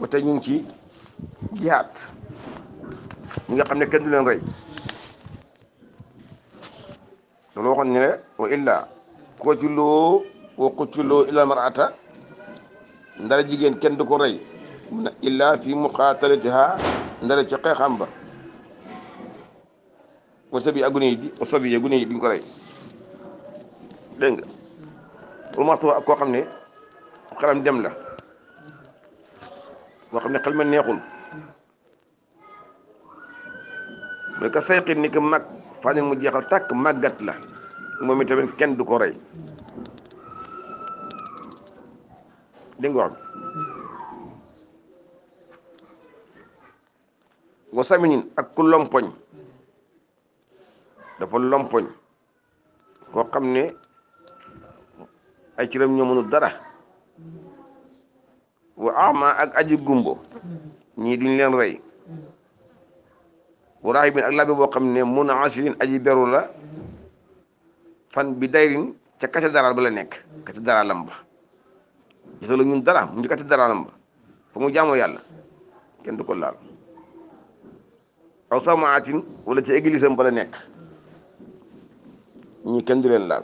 ba tey ñu ngi ci jihaat ñi nga xam ne kenn du leen rey loolu waxoon ne ne wa illa ko ci loo ko ci illa marata ndara jigéen kenn du ko rey mu ne illa fi muqaatalatiha ndara ci xeexam ba wasa bi ak gune yi bi wasa bi gune yi duñ ko rey dégg nga pour ma ak koo xam ne xelam dem la moo xam ne xel ma neexul mais que sayqin ni que mag fàññil mu takk tàkk màggat la moom itamit kenn du ko rey dégg nga wax bi wa ak ku lompoñ dafa lompoñ koo xam ne ay ciram ñoo mënu dara wa ama ak aji gumbo ñii duñ leen rey wa raahibin ak labe boo xam ne mun asirin aji beru la fan bi dayrin ca kase daraal ba la nekk kase daraalam ba gisalu ñun dara mu ngi kase daraalam ba fa mu jaamoo yàlla kenn du ko laal aw samaatin wala ci église bala nekk ñi kenn du leen laal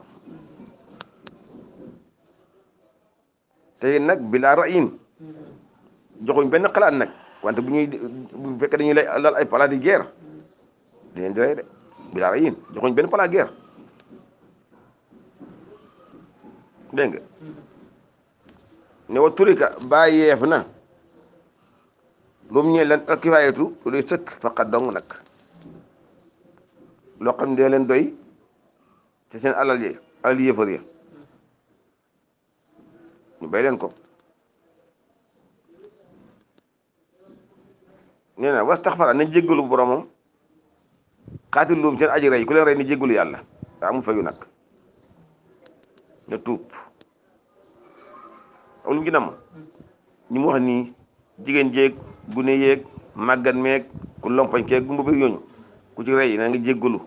te nag bilaa rayin joxuñ benn xalaat nag wante bu ñuy bu fekkee dañuy lay ay plan de guerre dinañ di rey de bilaa rey joxuñ benn plan guerre dégg nga ne wa turika bàyyeef na lu mu ñeel leen alkifaayatu lu dee sëkk faqat dong nag loo xam ne leen doy te seen alal yi alal yéefar ya ñu bay leen ko nee na wastaxfara na jéggalu boromam xaatiluhum seen aji rey ku leen rey ni jéggalu yàlla daa amul fayu nag na tuub lu mu ci nam wax nii jigéen jéeg gune yéeg màggat meeg ku lompañ keeg gumba bi ñooñu ku ci rey na nga jéggalu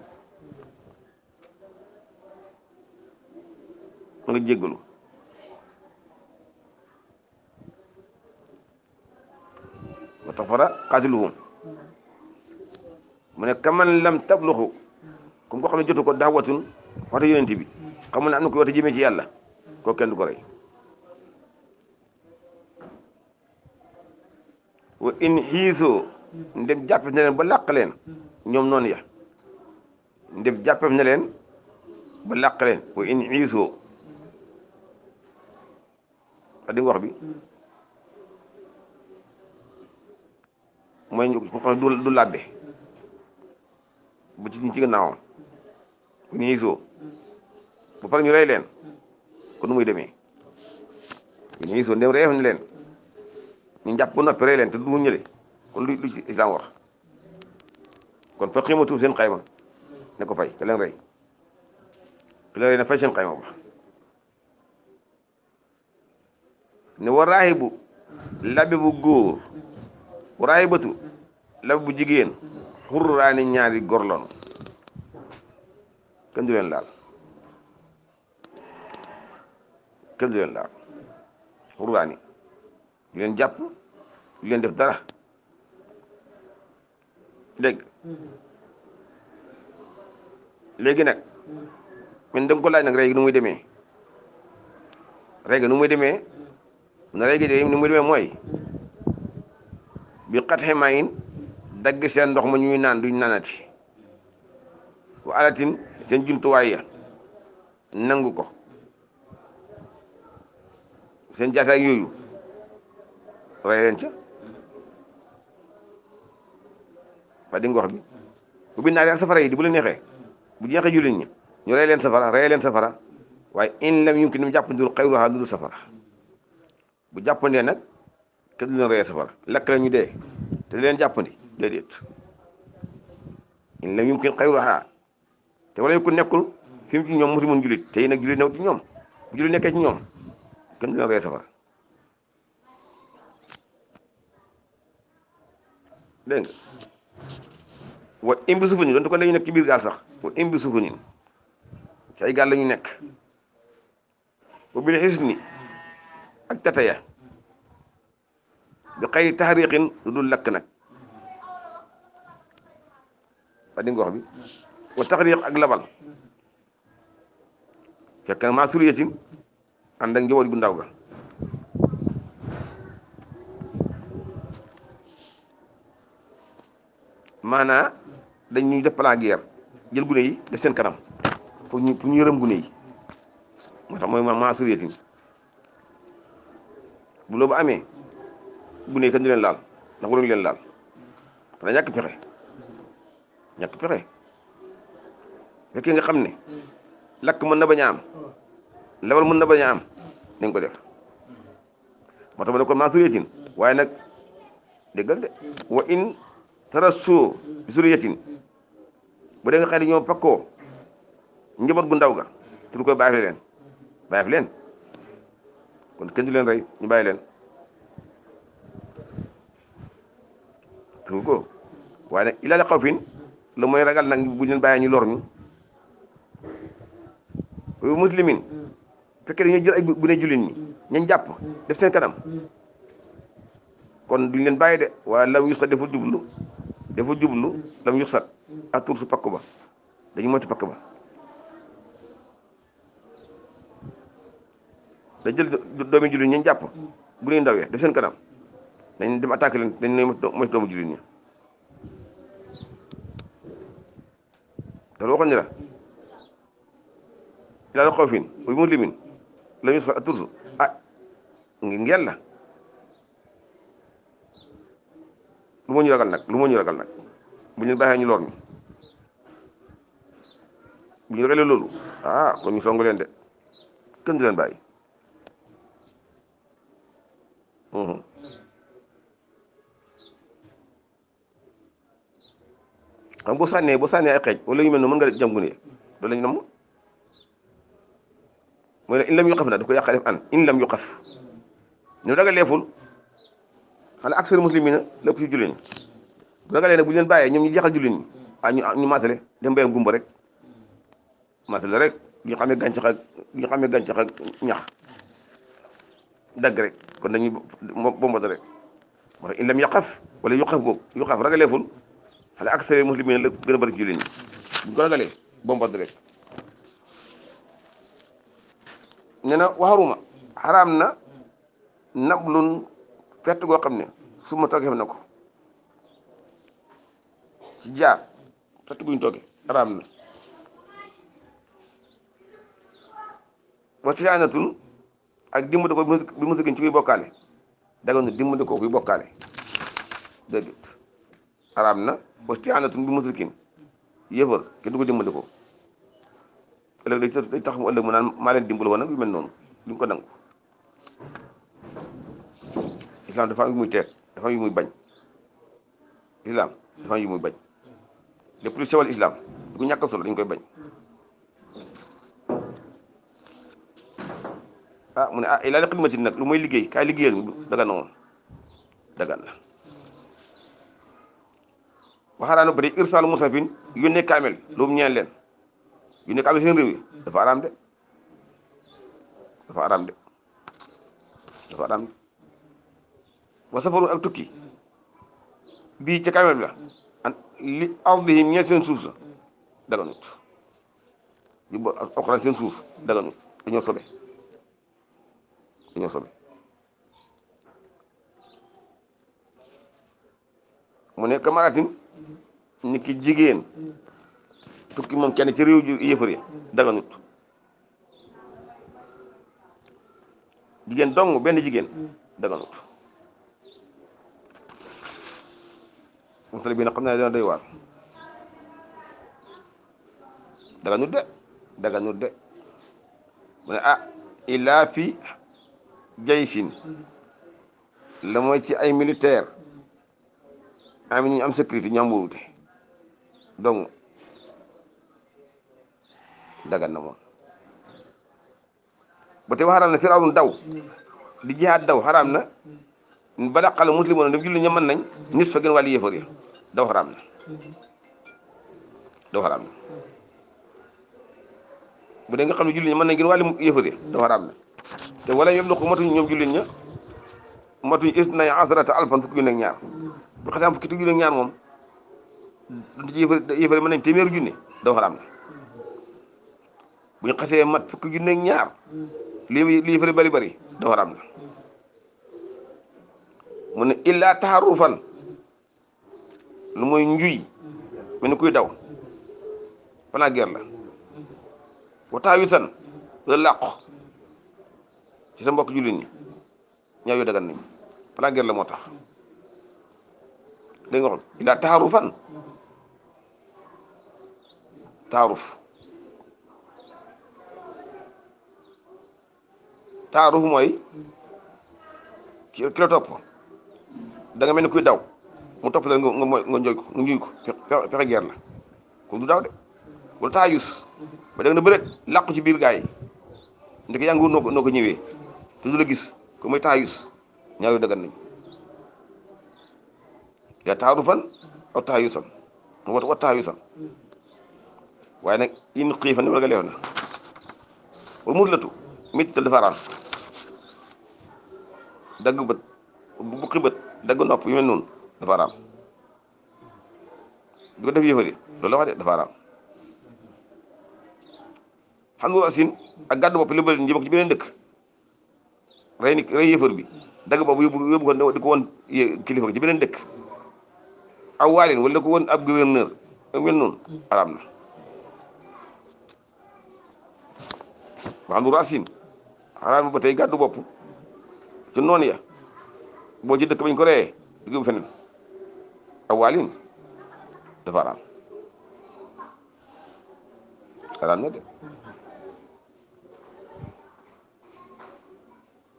nga jéggalu tafara xaatiluhum mu ne kaman lam tabluxu comme ko xam ne jotu ko daawatun waxta yonent bi xamul ne am na koy wata jëmee ci yàlla koo kenn ko rey wa in xiisoo ndem jàppef na ba làq leen ñoom noonu ya ndem jàppef na leen ba làq leen wa in xiisoo a di bi mooy njug ku xam ne du labbe bu ci ci gannaawam ku ñuy zoo bu pare ñu rey leen kon nu muy demee ku ñuy zoo ndem reyoon leen ñu jàpp ba noppi rey leen te du mu ñële kon lu lu ci islam wax kon fa xiimatum seen xayma ne ko fay te leen rey te leen rey na fay seen xayma ba ne war raaxibu labbe bu góor waraay bëtu lab bu jigéen xurraani ñaari gorloon kenn du leen laal kenn du leen laal xurraani du leen jàpp leen def dara dégg léegi nag kon dem nga ko laaj nag rey gi nu muy demee rey gi nu muy demee na rey gi de nu demee mooy bi maa mayin dagg seen ndox ma ñuy naan duñ naanati wa alatin seen jumtuwaay ya nangu ko seen jaasaak yooyu rey leen ca fa di ngox bi ubbi naa ak safara yi di bu leen neexee bu jeexee jullit ñi ñu rey leen safara rey leen safara waaye in lam yumkin mu jàppandul xayruha lu dul safara bu jàppandee nag kenn du leen reyee safara lakk la ñu dee te leen jàppandi déedéet in lam yumkin xayruha te wala yu nekkul fi mu ñoom mosu mun julit te yi nag julit new ci ñoom bu julit nekkee ci ñoom kenn du leen reyee safara dégg nga wa imbi suufu ñun donte ko dañu nekk ci biir gaal sax wa imbi suufu ñun ci ay gaal ñu nekk wa bil xis ni ak tataya bi xëy taxariqin lu dul lakk nag wax di nga wax bi wa taxariq ak labal fekk na maa suriyatin ànd ak njaboot bu ndaw ga maanaa dañ ñuy def plan jël gune yi def seen kanam pour ñu pour ñu yërëm gune yi moo tax mooy maa suriyatin bu loolu amee bu ne kenn du laal nangu nañu leen laal dana pexe ñàkk pexe fekkee nga xam ne lakk mën na bañ a am mën na bañ a am nañ ko def moo tax ma ne kon maasuriyatin waaye nag déggal de wa in tarassu bi suriyatin bu dee nga xam ne ñoo pakkoo njaboot gu ndaw ga tur koy bàyyi leen bàyyi leen kon kenn rey ñu bàyyi leen tënku ko waaye nag ilaa la xaw fin lu ragal nak bu ñu ñu lor ñu muslimin fekkee dañoo jël ay gune jullit ni ñan japp def seen kanam kon duñ leen baye de wa lam yusad defu dublu defu dublu lam yusad atur su pakk ba dañu moytu pakk ba da jël doomi def seen kanam dañ dem attaqué leen dañ ne mooy doomu jullit ñi loolu waxoon ni la ilal xaw fin uy muslimin la ñu soxla tursu ah ngi yàlla lu ma ñu ragal nag lu ma ñu ragal nag bu ñu baaxee ñu lor ñu bu ñu ragalee loolu ah kon ñu songu leen de kenn du leen bàyyi hmm. xam boo sànnee boo sànnee ay xej wala yu mel noonu mën nga jam gune loolu lañ namm mooy ne in lam yuqaf na da ko yàq def an in lam yuqaf ñu daga leeful ala aksar muslimina lépp ci jullit bu dagalee nag bu ñu leen bàyyee ñoom ñu jeexal jullit ñi ah ñu ñu masale dem béyam gumba rek masale rek ñu xamee gàncax ak ñu xamee gàncax ak ñax dagg rek kon dañuy bombata rek moo in lam yuqaf wala yuqaf boobu yuqaf ragaleeful xale ak seen la gën a bëri ci jullit ñi ñu ko ragalee bombardé rek nee na waxaruma xaraam na nablun fett goo xam ne su ma toggee na ko ci jaar fett guñ toggee xaraam na wa tijaanatun ak dimbali ko bi mu sëgin ci kuy bokkaale dagoon na dimbali ko kuy bokkaale araam na wasti'aanatun bi mushrikin yëfër kenn du ko dimbali ko ëllëg tax mu ëllëg mu naan maa leen dimbali nag yu mel noonu duñ ko nangu islam dafa am yu muy teeg dafa am yu muy bañ islam dafa am yu muy bañ lépp lu sewal islam du ko solo dañ koy bañ ah mu ne ah ilaa li xidmatin nag lu mooy liggéey kaay liggéeyal dagan na woon dagan la waxaaraanu bëri irsaalu musafin yónnee kaamel lu mu ñeel leen yónnee kaamel seen réew dafa araam de dafa araam de dafa araam de wa safaru ak tukki bii ca kaamel bi an li ardihim ñeel seen suuf sa daganut li bo oxran seen suuf daganut dañoo sobe dañoo sobe mu ne kamaratin ni ki jigéen tukki moom kenn ci réew ju yëfër yi daganut jigéen dong benn jigéen daganut masala bi nag xam naa dana doy waar daganut de daganut de mu ne ah ilaa fi jaysin la mooy ci ay militaire am ñu am sécurité ñu am donc dagan na moom ba tey xaraam na firawun daw di jihaad daw xaraam na balaqal muslimoon daf julli ña mën nañ nit fa gën wàllu yéefar daw xaraam na daw xaraam na bu dee nga xam ne julli ña mën nañ gën wàllu yéefar ya daw xaraam na te wala yëpp loko matuñ ñoom jullit ña matuñ isnay asrata alfan fukki yu ñaar bu xasee am fukki yu nekk ñaar moom yëfare mën nañ téeméeru junne dafa xaraam bu ñu xasee mat fukki junne ak ñaar li li yëfare bari bari dafa xaraam mu ne illaa taxarufan lu muy njuy mel ni kuy daw fanaa ger la waxtaa wi san wala làqu ci sa mbokk jullit ñi ñaaw yoo dagan moo tax dégg nga waxoon ilaa taarufan taaruf taaruf mooy ki topp da nga mel ni kuy daw mu topp la nga nga nga njoy ko geer la ko du daw de wala taayus ba da nga ne bëreet làqu ci biir gaay yi ndeke yaa ngi noo ko noo te du la gis ko mooy taayus ñaar yu dëggan nañ ya taarufan aw taayusan wa taayusan waaye nag in xiifan ni warga leew na wala mudlatu mittal dafa araam dagg bët bu buqi bët dagg nopp yu mel noonu dafa araam di ko def yëfari loolu la wax de dafa araam xam nga asin ak gàddu bopp li bëri njëm ko ci beneen dëkk rey ni rey yëfar bi dagg bopp yóbbu yóbbu ko di ko woon kilifa ci beneen dëkk aw waalin wala ko woon ab gouverneur mel noonu araam na maanu racine xaraam ba tey gàddu bopp ci noonu ya boo ci dëkk bañ ko reyee dugub feneen aw waalin dafa araam de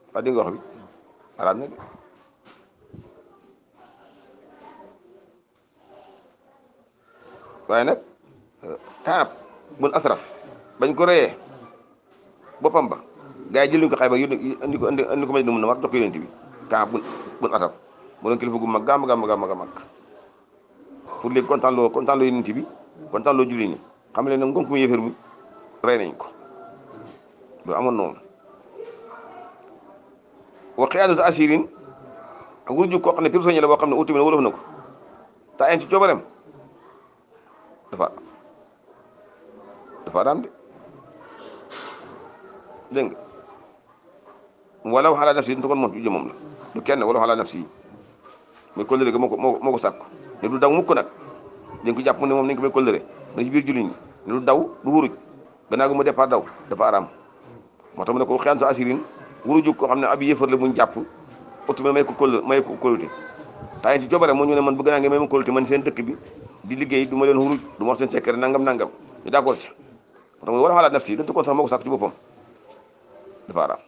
wax ah, di nga wax de waaye nag Kaab bun Asraf bañ ko reye boppam ba gars yi ko xay ba yónni andi ko andi ko Madina Munawwara jox ko yonent bi Kaab bun Asraf mu doon kilifa gu mag gàmm gàmm gàmm gàmm pour léegi kontaan loo kontaan loo yonent bi kontaan loo julli ni xam ne nag ngóob mi mi rey nañ ko loolu amoon noonu wa qiyaadatu asirin ak wuruju koo xam ne pirsoñe la boo xam ne uti ne wóolof na ko taa coobareem dafa dafa araam de dégg nga walaw xalaa nafsi yi kon moom ci jëmmam la du kenn walaw ga moo ko moo ko ne du daw mukk nag dañ jàpp mu ne moom nañ ko may kóllëre mu ne biir jullit ñi ne du daw du wuruj gannaaw gi mu départ daw dafa araam moo tax ne ko xiyaan sa asirin wuruju koo xam ne ab yéefar la muñ jàpp otu ma may ko kóllëre may ko kóllëre taa ci jobare moo ñu ne man bëgg naa nga may ma kóllëre man seen dëkk bi di liggéey du ma leen xuruj du ma wax seen nangam nangam ñu d'accord ci moo tax mu war a xalaat naf si donte kon sax moo ko sàkk ci boppam dafa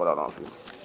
araam.